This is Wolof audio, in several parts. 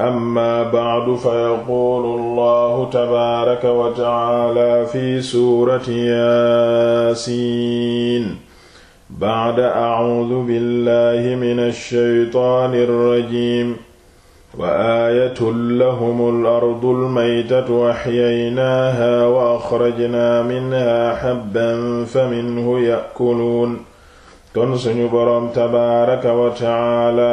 amma bacdu fa yaquulu allahu tabaaraka wa tacaala fi suurati yaasiin bacda acuudu billahi min alshaytaani alrajiim wa aayatun lahum alardu almaytatu axyaynaaha wa axrajnaa minha xabban fa minhu yakuluun kon suñu boroom tabaaraka wa tacaala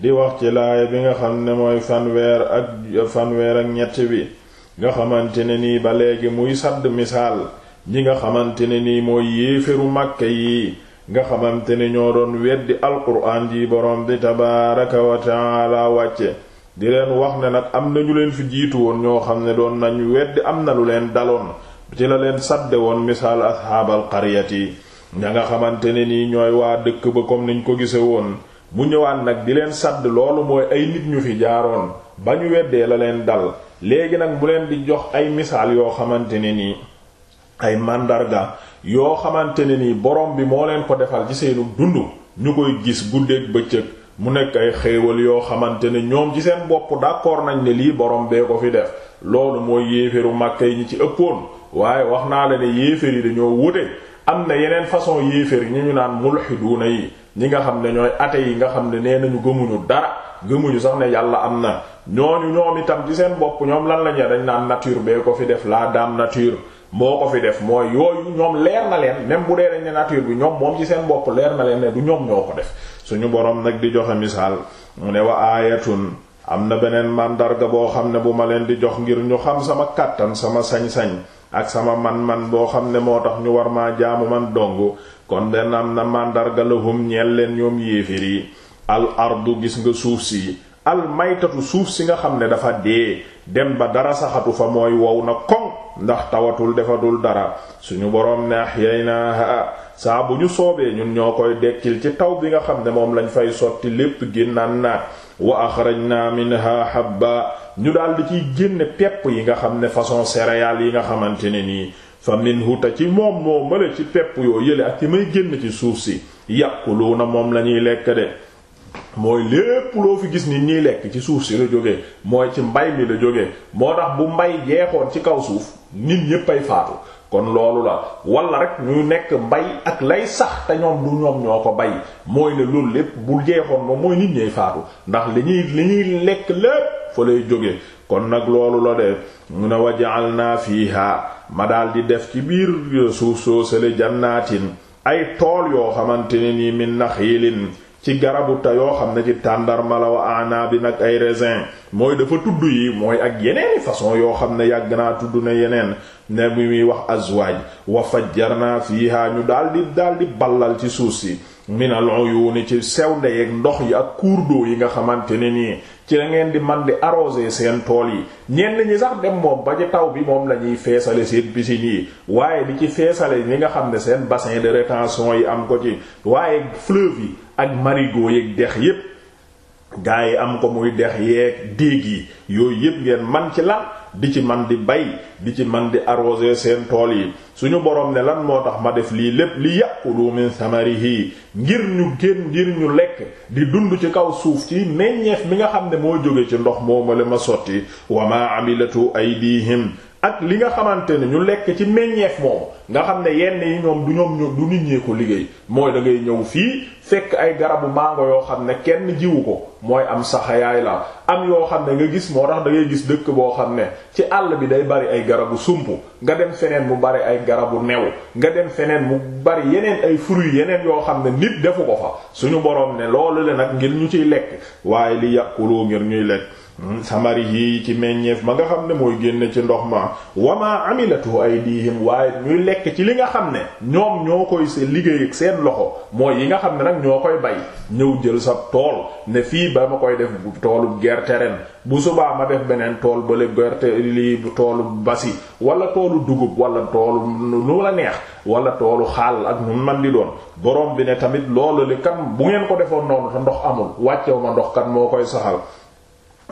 di wax ci laaya bi nga xam ne mooy fanweer ak fanweer ak ñett bi nga xamante ne nii ba léegi muy sadd misaal ñi nga xamante ne nii mooy yéeféru màkke yi nga xamante ne ñoo doon weddi alquraan ji boroom bi tabaaraka wa taala wàcce di leen wax ne nag am na ñu leen fi jiitu woon ñoo xam ne doon nañu weddi am na lu leen daloon ci la leen sadde woon misaal asxaabal qaryati ña nga xamante ne nii ñooy waa dëkk ba comme niñ ko gise woon mu ñëwaan nag di leen sàdd loolu mooy ay nit ñu fi jaaroon ba ñu weddee la leen dal léegi nag bu leen di jox ay misaal yoo xamante ne nii ay màndarga yoo xamante ne nii borom bi moo leen ko defal ci seenu dund ñu koy gis guddeeg bëccëg mu nekk ay xéewal yoo xamante ne ñoom ci seen bopp d'accord nañ ne lii borom bee ko fi def loolu mooy yéeféru màkka yi ñi ci ëppoon waaye wax naa la ne yéefér yi dañoo wute am na yeneen façon yéefér yi ñu ñu naan mulxiduuna yi ñi nga xam ne ñooy ate yi nga xam ne nee nañu gëmuñu dara gëmuñu sax ne yàlla am na ñooñu ñoom itam ci seen bopp ñoom lan la ñu dañ naan nature bee ko fi def laa dame nature moo ko fi def mooy yooyu ñoom leer na leen même bu dee dañ ne nature bi ñoom moom ci seen bopp leer na leen ne du ñoom ñoo ko def suñu boroom nag di joxe misaal mu ne wa aayatun am na beneen màndarga boo xam ne bu ma leen di jox ngir ñu xam sama kàttan sama sañ-sañ ak sama man-man boo xam ne moo tax ñu war maa jaamu man dong kon den am na màndarga lahum leen ñoom yéefér yi al ardu gis nga suuf si al maytatu suuf si nga xam ne dafa dee dem ba dara saxatu fa mooy wow na koŋ ndax tawatul defatul dara suñu boroom ne ahyaynaha saa bu ñu soobee ñun ñoo koy dekkil ci taw bi nga xam ne moom lañ fay sotti lépp génnaan na wa axrajna minha habba ñu daldi ciy génne pepp yi nga xam ne façon céréales yi nga xamante ne nii fa minhu ta ci moom moo mala ci pepp yoo yële ak ci may génn ci suuf si na moom lañuy ñuy lekk de mooy lépp loo fi gis nit ñiy lekk ci suuf si la jógee mooy ci mbay mi la jóge moo tax bu mbay jeexoon ci kaw suuf nit ñépp ay faatu kon loolu la wala rek ñuy nekk mbay ak lay sax te ñoom du ñoom ñoo ko bay mooy bu jeexoon ba mooy nit ñey faatu ndax li ñuy li ñuy lekk lépp fa lay jógee kon nag loolu la de mu ne waja'alna fiha ma daal di def ci biir suuf soo sale jannaatin ay tool yoo xamante ne nii min naxiilin ci garabu ta yoo xam ne ci tàndarma la wa anaabin ak ay raisin mooy dafa tudd yi mooy ak yeneeni façon yoo xam ne yàgg naa tudd na yeneen ne bi muy wax azwaaj wa fajjarna jar naa daal di daal di ballal ci suuf si minal uyuuni ci sew ndeyeeg ndox yi ak cours yi nga xamante ne nii ci la ngeen di man di arroser seen tool yi ñenn ñi sax dem moom ba ci taw bi moom la ñuy feesale seen piscine yi waaye bi ci feesale li nga xam ne seen bassin de rétention yi am ko ci waaye fleuve yi ak marigot yeeg dex yépp gaa yi am ko muy dex yeeg déeg yi yooyu yépp ngeen man ci lan di ci man di bay di ci man di arroser seen tool yi suñu borom ne lan moo tax ma def lii lépp li yàqulu min samarihi ngir ñu génn ngir ñu lekk di dund ci kaw suuf ci meññeef mi nga xam ne moo jóge ci ndox moomale ma sotti wa ma ay aydihim ak li nga xamante ne ñu lekk ci meññeef moomu nga xam ne yenn yi ñoom du ñoom ñoom du nit ñee ko liggéey mooy da ñëw fii fekk ay garabu mango yoo xam ne kenn jiwu ko mooy am saxayaay la am yoo xam ne nga gis moo tax da ngay gis dëkk boo xam ne ci àll bi day bari ay garabu sump nga dem feneen mu bari ay garabu new nga dem feneen mu bari yeneen ay fruits yeneen yoo xam ne nit defu ko fa suñu boroom ne loolu le nag ngir ñu ciy lekk waaye li yàquloo ngir ñuy lekk Hmm, samari yi ci meññeef ma nga xam ne mooy génne ci ndox ma wama amilatu aydihim waaye ñuy lekk ci li nga xam ne ñoom ñoo koy liggéey ak seen loxo mooy yi nga xam ne nag ñoo koy bay ñëw jël sa tool ne fii ba ma koy def toolu gerte ren bu subaa ma def beneen tool bale gerte li toolu basi wala toolu dugub wala toolu nu la neex wala toolu xaal ak nu man di doon borom bi ne tamit loolu li kan bu ngeen ko defoon noonu te ndox amul wàccew ma ndox kan moo koy saxal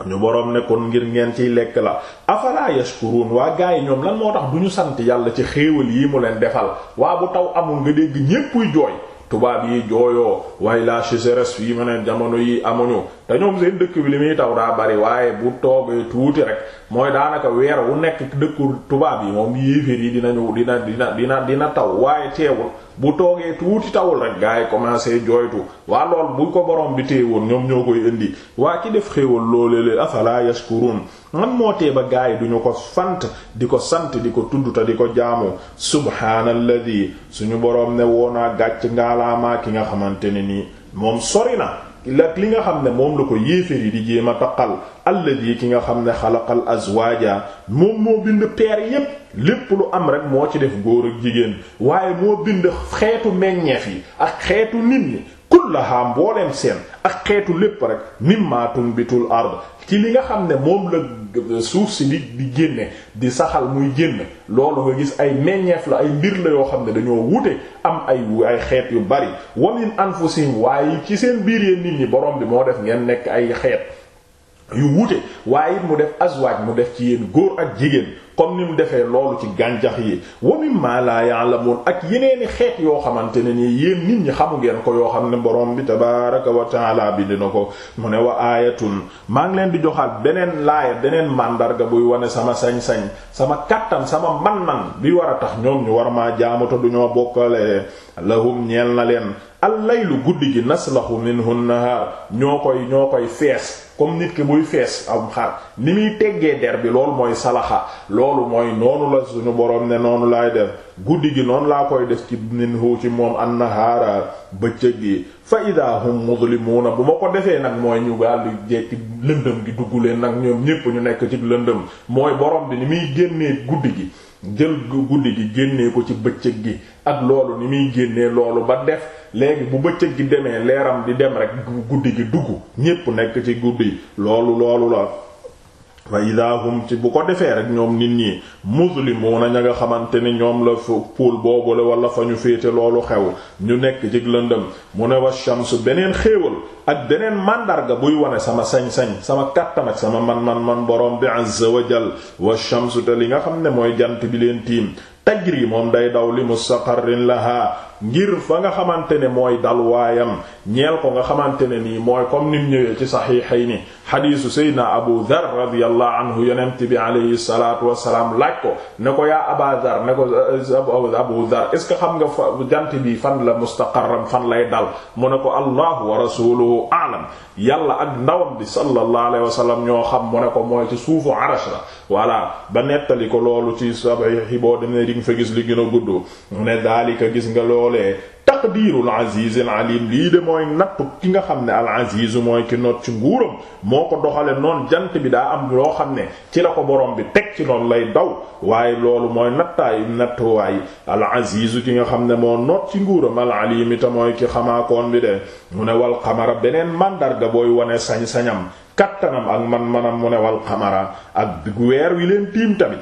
ñu boroom ne ngir ngeen ciy lekk la afala yashkurun waa gars yi ñoom lan moo tax du ñu sant yàlla ci xéewal yii mu leen defal waa bu taw amul nga dégg ñéppuy jooy tubaab yi jooyoo waaye la sécheresse fii ma ne jamono yii amuñu te ñoom seen dëkk bi li muy taw daa bari waaye bu toogee tuuti rek mooy daanaka weer wu nekk dëkku tubaab yi moom yéeféer yi dinañu dina dina dina dina taw waaye teewul bu toogee tuuti tawul rek gaa yi commencé jooytu waa lool bu ko borom bi téewoon ñoom ñoo koy indi waa ci def xéewal loole lee afala yashkurun man moo tee ba gaa yi duñu ko fant di ko sant di ko tudd te di ko jaamu subhaanalladhi suñu borom ne woonaa gàcc ngaalaamaa ki nga xamante ne nii moom sori na ak li nga xam ne moom la ko yéeféer yi di jéem a taqal alladi ki nga xam ne xalaqal azwaaja moom moo bind peer yépp lépp lu am rek moo ci def góor ak jigéen waaye moo bind xeetu meññeef yi ak xeetu nit ñi boo mbooleem seen ak xeetu lépp rek mimma tumbitul ard ci li nga xam ne moom la suuf si di di génne di saxal muy génn loolu nga gis ay meññeef la ay mbir la yoo xam ne dañoo wute am ay xeet yu bari wamin anfusihim waaye ci seen biir yéen nit ñi borom bi moo def ngeen nekk ay xeet yu wute waaye it mu def azwaaj mu def ci yéen góor ak jigéen comme ni mu defee loolu ci gàncax yi wa mimma la ya'lamun ak yeneeni xeet yoo xamante ne nii yéen nit ñi xamu ngeen ko yoo xam ne borom bi tabaaraka wa taala bi dina ko mu ne wa aayatun maa ngi leen di joxaat beneen laaya beneen màndarga buy wane sama sañ-sañ sama kattan sama man-man bi war a tax ñoom ñu war maa jaamu te du ñoo bokkale lahum ñeel na leen allaylu guddi gi naslahu minhu nahaar ñoo koy ñoo koy fees comme nit ki buy fees am xar ni muy teggee der bi loolu mooy salaxa loolu mooy noonu la suñu boroom ne noonu laay def guddi gi noonu laa koy def ci minhu ci moom an nahaara bëccëg gi fa ida hum muzlimuuna bu ma ko defee nag mooy ñu gàllu jekki lëndëm gi dugg leen nag ñoom ñépp ñu nekk ci lëndëm mooy borom bi ni muy génnee guddi gi jël guddi gi génnee ko ci bëccëg gi ak loolu ni muy génnee loolu ba def léegi bu bëccëg gi demee leeram di dem rek guddi gi dugg ñépp nekk ci guddi loolu loolu la fa idahum ci bu ko defee rek ñoom nit ñi muslimuuna ña nga xamante ni ñoom la fu pool boobule walla fa ñu féete loolu xew ñu nekk ci lëndëm mu ne wa shams beneen xéewal ak beneen màndarga buy wane sama sañ-sañ sama kàttan ak sama man-man man borom bi azza wa jal wa shams te li nga xam ne mooy jant bi leen tiim tajri moom day daw li mustaqarrin laha ngir fa nga xamante ne mooy dalwaayam ñeel ko nga xamante ne nii mooy comme nim ñëwee ci saxiixayni xadiisu seydna abu dhar radiyallahu anhu yonent bi alayhi salaatu wassalaam laaj ko ne ko yaa aba dhar ne ko abu dhar est ce que xam nga fa jant bi fan la mustaqarram fan lay dal mu ne ko allahu wa rasuluhu a'lam yàlla ak ndawam bi sallallahu alayhi wa sallam ñoo xam mu ne ko mooy ci suufu arash la voilà ba nettali ko loolu ci saxiix yi boo demee di nga fa gis li gën a gudd loolee taqdiirul azizil alim lii de mooy nattu ki nga xam ne al aziz mooy ki not ci nguuram moo ko doxale noon jant bi daa am loo xam ne ci la ko borom bi teg ci noonu lay daw waaye loolu mooy nattaayu nattuwaay al aziz ki nga xam ne moo not ci nguuram al alim te mooy ki xamaakoon bi de mu ne wal xamara beneen màndarga booy wane sañ-sañam kattanam ak man-manam mu ne wal xamara ak weer wi leen tiim tamit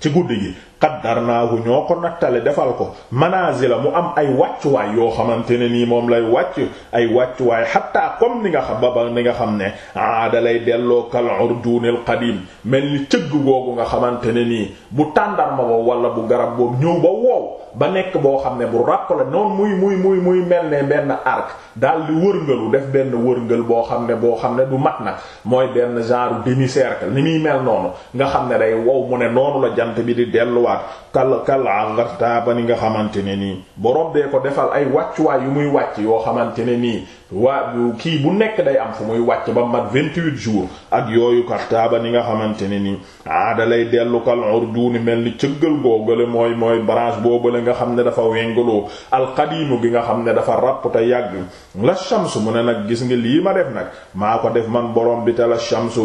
ci guddi gi qaddarnaahu ñoo ko nattale defal ko manazila mu am ay wàccuwaay yoo xamante ne nii moom lay wàcc ay wàccuwaay xatta comme ni nga xam ba ni nga xam ne aada lay delloo kal urjunil qadim mel ni cëgg googu nga xamante ne nii bu tàndarma ba wala bu garab boobu ñëw ba wow ba nekk boo xam ne bu ràpp la noonu muy muy muy muy mel ne benn arc daal di wërngalu def benn wërngal boo xam ne boo xam ne du mat nag mooy benn genre demi cercle ni muy mel noonu nga xam ne day wow mu ne noonu la jant bi di delluwaat kal kal ngartaa ba ni nga xamante ne nii borom dee ko defal ay wàccuwaay yu muy wàcc yoo xamante ne nii waa kii bu nekk day am fu muy wàcc ba mat vingt-huit jours ak yooyu kartaaba ni nga xamante ne ni aada lay dellukal urjuuni mel ni cëggal googale mooy mooy branche boobale nga xam ne dafa wéngaloo alqadiimu gi nga xam ne dafa ràpp te yàgg la shamsu mu ne nag gis nga lii ma def nag maa ko def man borom bi te la shamsu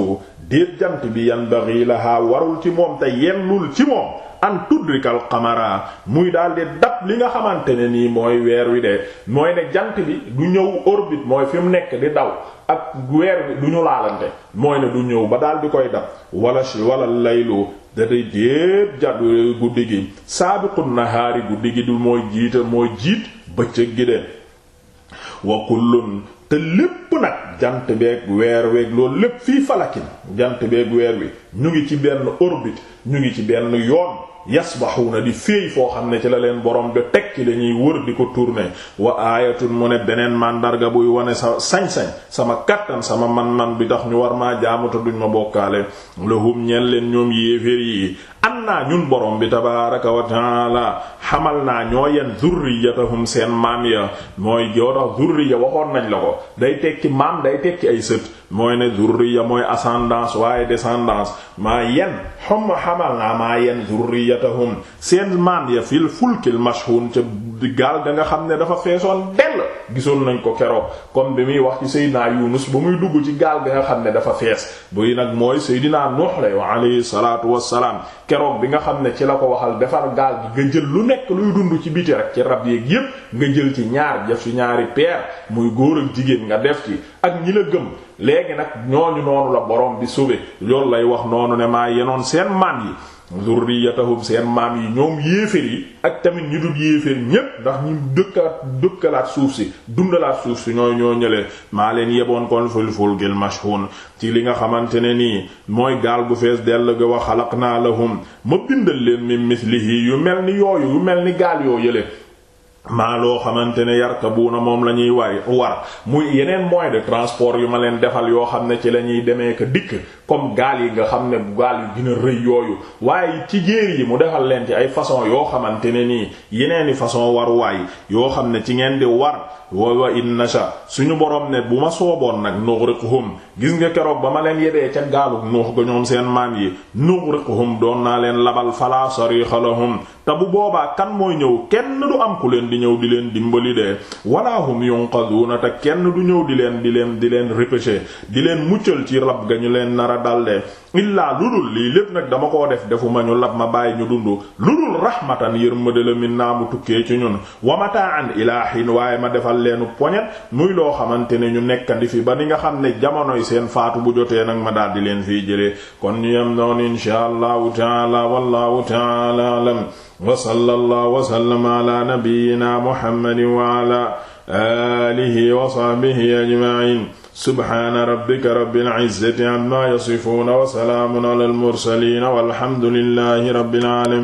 déet jant bi yan baxi la haa warul ci moom te yellul ci moom an tudrikal qamara muy daal di dab li nga xamante ne nii mooy weer wi de mooy ne jant bi du ñëw orbite mooy fi mu nekk di daw ak weer wi du ñu laalante mooy ne du ñëw ba daal di koy dab walla wala laylu da day jéeb jat guddi gi saabiqun nahaari guddi gi du mooy jiita mooy jiit bëccëg gi de wa kullun te lépp nag jant beeg weer week loolu lépp fii falakin jant beeg weer wi ñu ngi ci benn orbite ñu ngi ci benn yoon yasbaxuuna di féey foo xam ne ci la leen boroom ba teg ci lañuy wër di ko tourner wa aayatun mu ne beneen màndarga buy wane sa sañ-sañ sama kattan sama man-man bi tax ñu war maa jaamuta duñ ma bokkaale lahum ñeen leen ñoom yéeféer yi naa ñun borom bi tabaaraka wa taala xamal naa ñoo yen zurriyatahum seen maam ya mooy yoo tax zurriya waxoon nañ la ko day tekki maam day tekki ay sët mooy ne zurriya mooy ascendance waaye descendance maa yen xomma xamal naa maa yen zurriyatahum seen maan ya fil fulkil mashhun ca gaal da nga xam ne dafa feesoon dell gisoon nañ ko keroog comme bi muy wax ci Seydina Yunus ba muy dugg ci gaal ga nga xam ne dafa fees buy nag mooy Seydina Nuux lay wa alayhi salaatu wassalaam keroog bi nga xam ne ci la ko waxal defar gaal gi nga jël lu nekk luy dund ci biti rek ci rab yeeg yépp nga jël ci ñaar def ci ñaari peer muy góor ak jigéen nga def ci ak ñi la gëm léegi nag ñooñu bi sauvé loolu lay wax noonu noonu ne maa yenoon seen maam yi zurriyatahum seen maam yi ñoom yéeféer yi ak tamit ñu dul yéeféer ñépp ndax ñu dëkkaat dëkkalaat suuf si dundalaat suuf si ñooy ñoo ñële maa leen yeboon kon ful fulkil mashhun ci li nga xamante ne nii mooy gaal gu fees dell ga wa xalaqna lahum ma bindal leen min mislihi yu mel ni yooyu yu mel ni gaal yoo yële maa loo xamante ne na moom la ñuy war war muy yeneen moyen de transport yu ma leen defal yoo xam ne ci la ñuy demee ka dikk comme gaal yi nga xam ne gaal yu dina a rëy yooyu waaye ci jéer yi mu defal leen ci ay façon yoo xamante ne nii yeneeni façon waruwaay yoo xam ne ci ngeen di war wa wa in nasha suñu borom ne bu ma sooboon nag nughriqhum gis nga keroog ba ma leen yebee ca gaalug nuux ga ñoom seen maam yi nughriqhum doon naa leen labal fala sarixa lahum te bu boobaa kan mooy ñëw kenn du am ku leen di ñëw di leen dimbali de wala hum yunqaduna te kenn du ñëw di leen di leen di leen repêcher di leen muccal ci rab ga ñu leen nara dal de illaa lu dul lii lépp nag dama koo def defuma ñu lab ma bàyyi ñu dund lu dul rahmatan yërmande la min naa mu tukkee ci ñun defal leenu poñet muy loo xamante ne ñu nekkandi fi ba ni nga ne jamonoy seen faatu bu jotee nag ma daal di leen fiy jëlee kon ñu yem noonu inshaa allahu taala wallahu taala alam wa sallallahu wa sallama ala nabiyyina muhammadin wa ala alihi wa sahbihi ajma'in subhana rabbika rabbil izzati amma yasifuna wa salaamun ala al mursalin walhamdulillahi rabbil